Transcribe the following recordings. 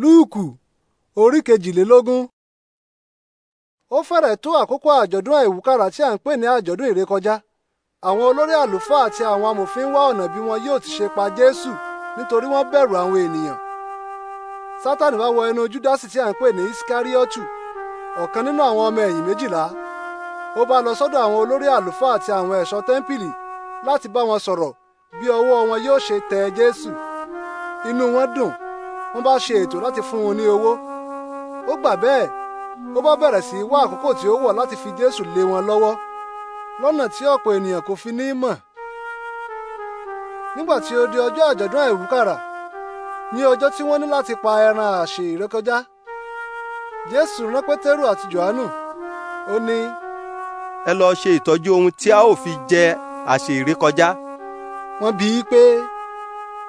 lúùkù orí kejìlélógún. ó fẹ́rẹ̀ tó àkókò àjọ̀dún àìwúkàrà tí à ń pè ní àjọ̀dún ìrékọjá àwọn olórí àlùfáà àti àwọn amòfin wá ọ̀nà bí wọn yóò ti ṣe pa jésù nítorí wọ́n bẹ̀rù àwọn ènìyàn sátánì wá wọ ẹnu júdásì tí à ń pè ní iskariotu ọ̀kan nínú àwọn ọmọ ẹ̀yìn méjìlá ó bá lọ sọ́dọ̀ àwọn olórí àlùfáà àti àwọn ẹ̀ṣọ́ tẹ́ḿpìlì láti bá wọn sọ̀rọ̀ bí ọwọ́ wọn yóò ṣe tẹ jésù inú wọn dùn wọ́n bá ṣe ètò láti fún un ní owó ó gbà bẹ́ẹ̀ ó bá bẹ̀rẹ̀ sí wá àkókò tí ó wọ̀ láti fi Jésù lé wọn lọ́wọ́ lọ́nà tí ọ̀pọ̀ ènìyàn kò fi ní mọ̀ nígbà tí ó di ọjọ́ àjọ̀dún àìwúkàrà ní ọjọ́ tí wọ́n ní láti pa ẹran àsè ìrékọjá Jésù rán Pétérù àti Jòhánù ó ní. ẹ lọ ṣe ìtọ́jú ohun tí a ó fi jẹ àsè ìrékọjá. wọ́n bi í pé.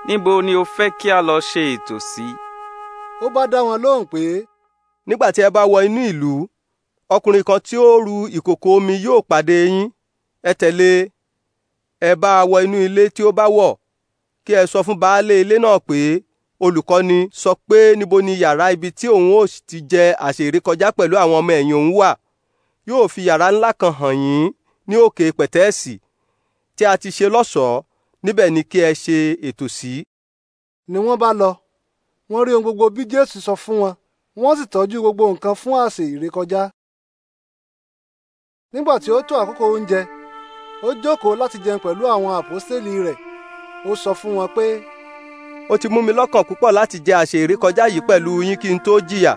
níbo ni o fẹ́ kí a lọ ṣe ètò sí? ó bá dá wọn lóhùn pé. nígbà tí ẹ bá wọ inú ìlú ọkùnrin kan tí ó ru ìkòkò omi yóò pàdé yín ẹ tẹ̀lé e. ẹ bá wọ inú ilé tí ó bá wọ̀ kí ẹ sọ fún baálé ilé náà pé olùkọ́ni sọ pé níbo ni yàrá ibi tí òun ó ti jẹ àṣèré kọjá pẹ̀lú àwọn ọmọ ẹ̀yìn òun wà yóò fi yàrá ńlá kan hàn yín ní òkè pẹ̀tẹ́ẹ̀sì tí a ti ṣe lọ́ṣọ̀ọ́ níbẹ̀ ni kí ẹ ṣe ètò sí. ni wọ́n bá lọ wọ́n rí ohun gbogbo bí Jésù sọ fún wọn wọ́n sì tọ́jú gbogbo nǹkan fún àsè ìrékọjá. nígbà tí ó tó àkókò oúnjẹ ó jókòó láti jẹun pẹ̀lú àwọn àpọ́stélì rẹ̀ ó sọ fún wọn pé. ó ti mú mi lọ́kàn púpọ̀ láti jẹ àsè ìrékọjá yìí pẹ̀lú yín kí n tó jìyà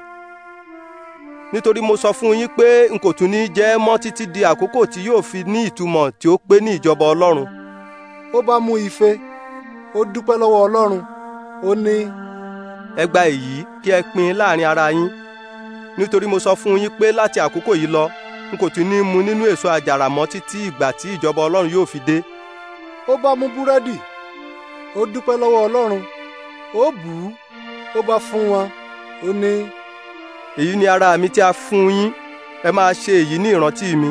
nítorí mo sọ fún yín pé n kò tún ní jẹ ẹ́ mọ́ títí di àkókò tí yóò fi ní ìtumọ̀ tí ó pé ní ìjọba ọlọ́run. ó bá mú ife ó dúpẹ́ lọ́wọ́ ọlọ́run ó ní. ẹ gba èyí kí ẹ pin láàrin ara yín nítorí mo sọ fún yín pé láti àkókò yìí lọ n kò tún ní mu nínú èso àjàrà mọ́ títí ìgbà tí ìjọba ọlọ́run yóò fi dé. ó bá mú búrẹ́dì ó dúpẹ́ lọ́wọ́ ọlọ́run ó bù ú ó bá fún wọn ó ní. èyí ni ara mi tí a fún yín ẹ máa ṣe èyí ní ìrántí mi.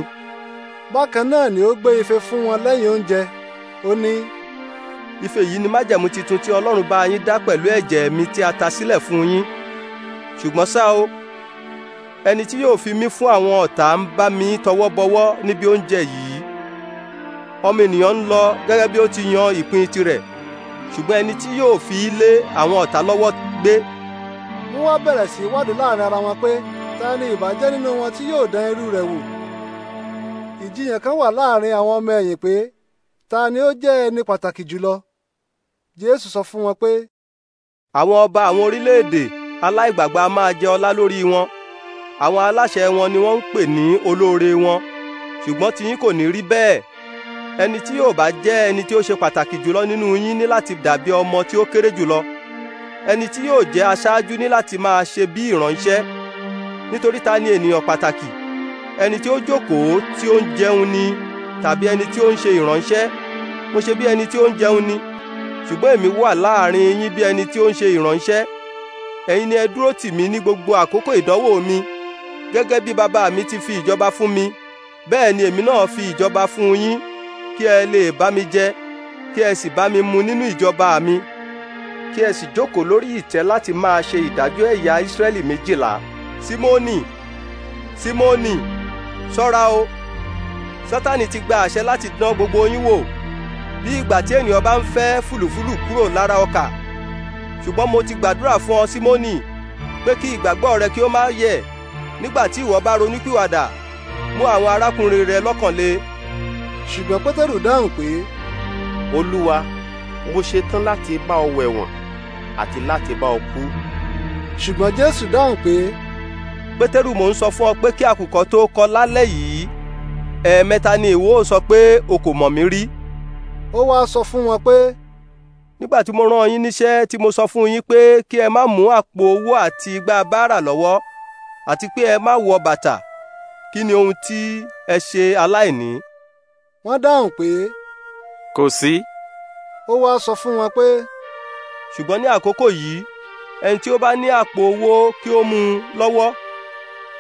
bákan náà ni ó gbé ife fún wọn lẹ́yìn oúnjẹ ó ní. ife yìí ni májẹ̀mú titun tí ọlọ́run bá yín dá pẹ̀lú ẹ̀jẹ̀ mi tí a ta sílẹ̀ fún yín ṣùgbọ́n ṣá o ẹni tí yóò fi mí fún àwọn ọ̀tá ń bá mi tọwọ́ bọwọ́ níbi oúnjẹ yìí ọmọ ènìyàn ń lọ gẹ́gẹ́ bí ó ti yan ìpín tirẹ̀ ṣùgbọ́n ẹni tí yóò fi lé àwọn ọ̀tá lọ́wọ́ gbé. wọ́n bẹ̀rẹ̀ sí ìwádìí láàrin ara wọn pé ta ni ìbàjẹ́ nínú wọn tí yóò dán irú rẹ̀ wò ìjiyàn kan wà láàrin àwọn ọmọ ẹ̀yìn pé ta ni ó jẹ́ ẹni pàtàkì jùlọ jésù sọ fún wọn pé. àwọn ọba àwọn orílẹ̀-èdè aláìgbàgbà máa jẹ ọlá lórí wọn àwọn aláṣẹ wọn ni wọ́n ń pè ní olóore wọn ṣùgbọ́n tiyín kò ní rí bẹ́ẹ̀ ẹni tí yóò bá jẹ́ ẹni tí ó ṣe pàtàkì jùlọ nínú yín ní láti dàbí ọmọ tí ó kéré jùlọ ẹni tí yóò jẹ́ aṣáájú ní láti máa ṣe bí ìránṣẹ́ nítorí ta ni ènìyàn pàtàkì ẹni tí ó jókòó tí ó ń jẹun ni tàbí ẹni tí ó ń ṣe ìránṣẹ́ mo ṣe bí ẹni tí ó ń jẹun ni ṣùgbọ́n èmi wà láàrin yín bí ẹni tí ó ń ṣe ìránṣẹ́ ẹ̀yin ni ẹ dúró tì mí ní gbogbo àkókò ìdánwò mi gẹ́gẹ́ bí bàbá mi ti fi ìjọba fún mi bẹ́ẹ̀ ni èmi náà fi ìjọba fún yín kí ẹ lè bá mi jẹ kí ẹ sì bá mi mu nínú ìjọba mi kí ẹ sì jókòó lórí ìtẹ́ láti máa ṣe ìdájọ́ ẹ̀yà Ísírẹ́lì méjìlá Símónì Símónì ṣọ́ra o Sátánì ti gba àṣẹ láti dán gbogbo yín wò bí ìgbà tí ènìyàn bá ń fẹ́ fùlùfùlù kúrò lára ọkà ṣùgbọ́n mo ti gbàdúrà fún ọ símónì pé kí ìgbàgbọ́ rẹ kí ó má yẹ̀ nígbà tí ìwọ bá ronúpìwàdà mú àwọn arákùnrin rẹ lọ́kàn le. ṣùgbọ́n pétérù dáhùn pé. olúwa mo ṣetán láti bá ọ wẹ̀wọ̀n àti láti bá ọ kú. ṣùgbọ́n jésù dáhùn pé. pétérù mò ń sọ fún ọ pé kí àkùkọ tó kọ lálẹ́ yìí ẹ̀ẹ̀mẹ́ta ni ìwọ sọ pé o kò mọ̀ mí rí ó wáá sọ fún wọn pé. nígbà tí mo rán yín níṣẹ́ tí mo sọ fún yín pé kí ẹ má mú àpò owó àti igbá báárà lọ́wọ́ àti pé ẹ má wọ bàtà kí ni ohun tí ẹ ṣe aláìní. wọ́n dáhùn pé. kò sí. ó wáá sọ fún wọn pé. ṣùgbọ́n ní àkókò yìí ẹni tí ó bá ní àpò owó kí ó mú un lọ́wọ́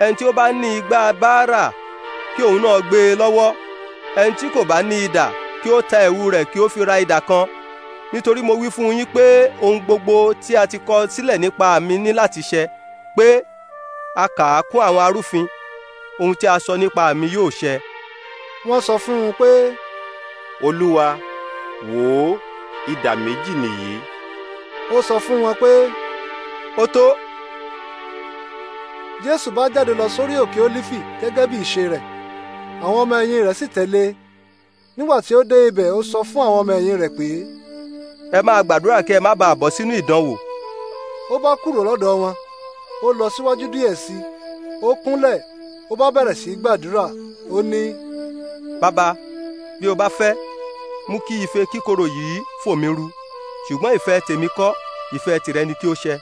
ẹni tí ó bá ní igbá báárà kí òun náà gbé e lọ́wọ́ ẹni tí kò bá ní idà kí ó ta ẹ̀wù rẹ̀ kí ó fi ra idà kan nítorí mo wí fún yín pé ohun gbogbo tí a ti kọ sílẹ̀ nípa mi ní láti ṣẹ pé a kà á kún àwọn arúfin ohun tí a sọ nípa mi yóò ṣẹ. wọ́n sọ fún un pé. olúwa wò ó idà méjì nìyí. ó sọ fún wọn pé. ó tó. jésù bá jáde lọ sórí òkè olífì gẹ́gẹ́ bí ìṣe rẹ̀ àwọn ọmọ ẹ̀yìn rẹ̀ sì tẹ̀lé e nígbà tí ó dé ibẹ̀ ó sọ fún àwọn ọmọ ẹ̀yìn rẹ̀ pé. ẹ máa gbàdúrà kí ẹ má bàa bọ́ sínú ìdánwò. ó bá kúrò lọ́dọ̀ wọn ó lọ síwájú díẹ̀ sí i ó kúnlẹ̀ ó bá bẹ̀rẹ̀ sí í gbàdúrà ó ní. bàbá bí o bá fẹ́ mú kí ife kíkorò yìí fò mí ru ṣùgbọ́n ìfẹ́ tèmi kọ́ ìfẹ́ tìrẹ ni kí ó ṣẹ.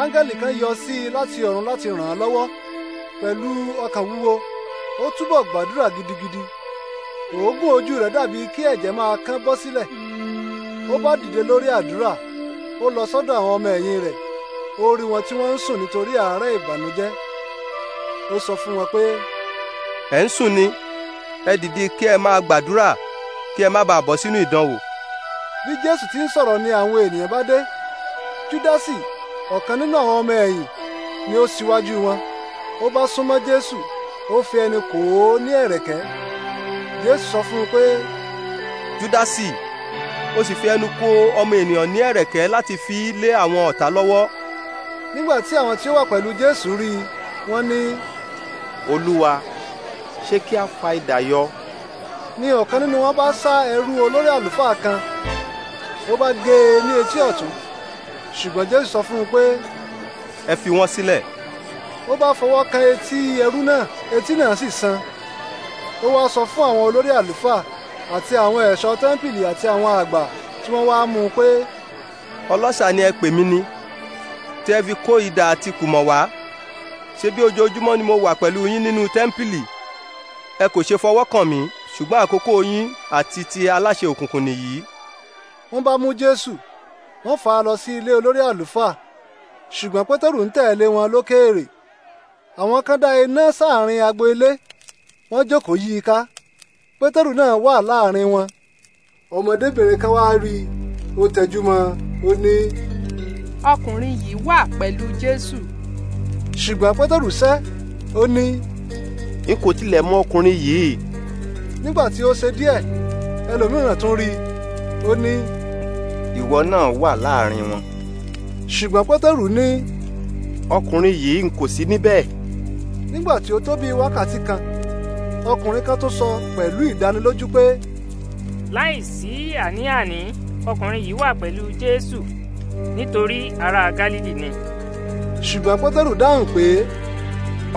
áńgẹ́lì kan yọ sí i láti ọ̀run láti ràn án lọ́wọ́ pẹ̀lú ọkàn wúwo ó túbọ̀ gbàdúrà gidigidi òógùn ojú rẹ̀ dàbí kí ẹ̀jẹ̀ máa kán bọ́ sílẹ̀ ó bá dìde lórí àdúrà ó lọ sọ́dọ̀ àwọn ọmọ ẹ̀yìn rẹ̀ ó rí wọn tí wọ́n ń sùn nítorí àárẹ̀ ìbànújẹ́ ó sọ fún wọn pé. ẹ ń sùn ni ẹ dìde kí ẹ máa gbàdúrà kí ẹ má bàa bọ́ sínú ìdánwò. bí jésù ti ń sọ̀rọ̀ ni àwọn ènìyàn bá dé júdásì ọ̀kan nínú àwọn ọmọ ẹ̀yìn ni ó síwájú wọn ó bá súnmọ́ jésù ó fi ẹnu kò ó ní ẹ̀rẹ̀kẹ́ Jésù sọ fún un pé. Júdásì ó sì fi ẹnu kó ọmọ ènìyàn ní ẹ̀rẹ̀kẹ́ láti fi lé àwọn ọ̀tá lọ́wọ́. nígbà tí àwọn tí ó wà pẹ̀lú Jésù rí i wọ́n ní. Olúwa ṣé kí a fa idà yọ. ni ọ̀kan nínú wọn bá sá ẹrú olórí àlùfáà kan ó bá gé e ní etí ọ̀tún ṣùgbọ́n Jésù sọ fún un pé. ẹ fi wọ́n sílẹ̀. ó bá fọwọ́ kan etí ẹrú náà etí náà sì san. Si ó wá sọ fún àwọn olórí àlùfáà àti àwọn ẹ̀ṣọ́ tẹ́ḿpìlì àti àwọn àgbà tí wọ́n wá mú un pé. ọlọ́ṣà ni ẹ pè mí ni tí ẹ fi kó idà àti kùmọ̀ wá ṣé bí ojoojúmọ́ ni mo wà pẹ̀lú yín nínú tẹ́ḿpìlì ẹ kò ṣe fọwọ́ kàn mí ṣùgbọ́n àkókò yín àti ti aláṣẹ òkùnkùn nìyí. wọ́n bá mú jésù wọ́n fà á lọ sí ilé olórí àlùfáà ṣùgbọ́n pétérù ń tẹ̀lé wọn lókèèrè àwọn kan dá iná sáàrin agbo ilé wọ́n jókòó yí i ká pétérù náà wà láàrin wọn ọmọdébìnrin kan wá rí i ó tẹjú mọ́ ó ní. ọkùnrin yìí wà pẹ̀lú jésù. ṣùgbọ́n pétérù sẹ́ ó ní. n kò tilẹ̀ mọ ọkùnrin yìí. nígbà tí ó ṣe díẹ̀ ẹlòmíràn tún rí i ó ní. ìwọ náà wà láàrin wọn. ṣùgbọ́n pétérù ní. ọkùnrin yìí n kò sí níbẹ̀. nígbà tí ó tó bí wákàtí kan ọkùnrin kan tó sọ pẹ̀lú ìdánilójú pé. láìsí àní-àní ọkùnrin yìí wà pẹ̀lú jésù nítorí ará gálílì ni. ṣùgbọ́n pétérù dáhùn pé.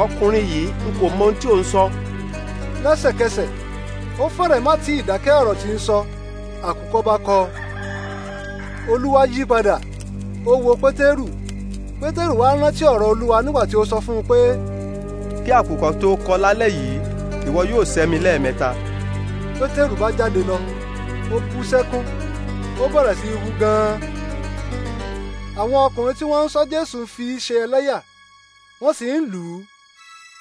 ọkùnrin yìí n kò mọ ohun tí ò ń sọ. lẹ́sẹ̀kẹsẹ̀ ó fẹ́rẹ̀ má ti ìdákẹ́ ọ̀rọ̀ tí ń sọ àkùkọ bá kọ. olúwa yí padà ó wo pétérù pétérù wá rántí ọ̀rọ̀ olúwa nígbà tí ó sọ fún un pé. kí àkùkọ tó kọ lálẹ́ yìí ìwọ yóò sẹ́ mi lẹ́ẹ̀mẹ́ta. pétérù bá jáde lọ ó bú sẹ́kún ó bẹ̀rẹ̀ sí í hu gan-an. àwọn ọkùnrin tí wọ́n ń sọ jésù fi ṣe ẹlẹ́yà wọ́n sì ń lù ú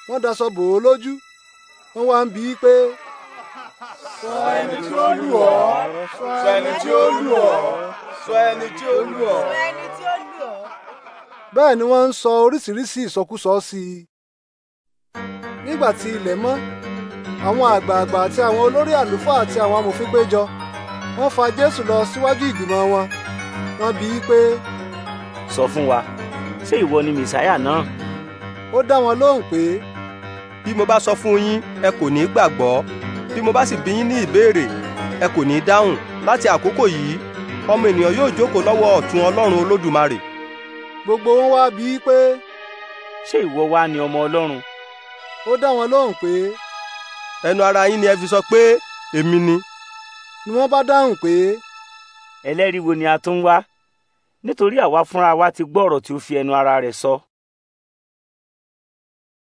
wọ́n daṣọ bò ó lójú wọ́n wá ń bi í pé. sọ ẹni tí ó lù ọ́ sọ ẹni tí ó lù ọ́ sọ ẹni tí ó lù ọ́. bẹ́ẹ̀ ni wọ́n ń sọ oríṣiríṣi ìsọkúsọ sí i nígbà tí ilẹ̀ mọ́ àwọn àgbààgbà àti àwọn olórí àlùfáà àti àwọn amòfin péjọ wọ́n fa jésù lọ síwájú ìgbìmọ̀ wọn wọ́n bi í pé. sọ fún wa ṣé ìwọ ni mìsáyà náà. ó dá wọn lóhùn pé. bí mo bá sọ fún yín ẹ kò ní gbàgbọ́ bí mo bá sì bí yín ní ìbéèrè ẹ kò ní dáhùn láti àkókò yìí ọmọ ènìyàn yóò jókòó lọ́wọ́ ọ̀tún ọlọ́run olódùmarè. gbogbo wọn wá bi í pé. ṣé ìwọ wá ni ọmọ ọlọ́run. ó dá wọn lóhùn pé ẹnu ara yín ni ẹ fi sọ pé èmi ni. ni wọ́n bá dáhùn pé. ẹlẹ́rìí wo ni a tún ń wá nítorí àwa fúnra wa ti gbọ́ ọ̀rọ̀ tí ó fi ẹnu ara rẹ̀ sọ.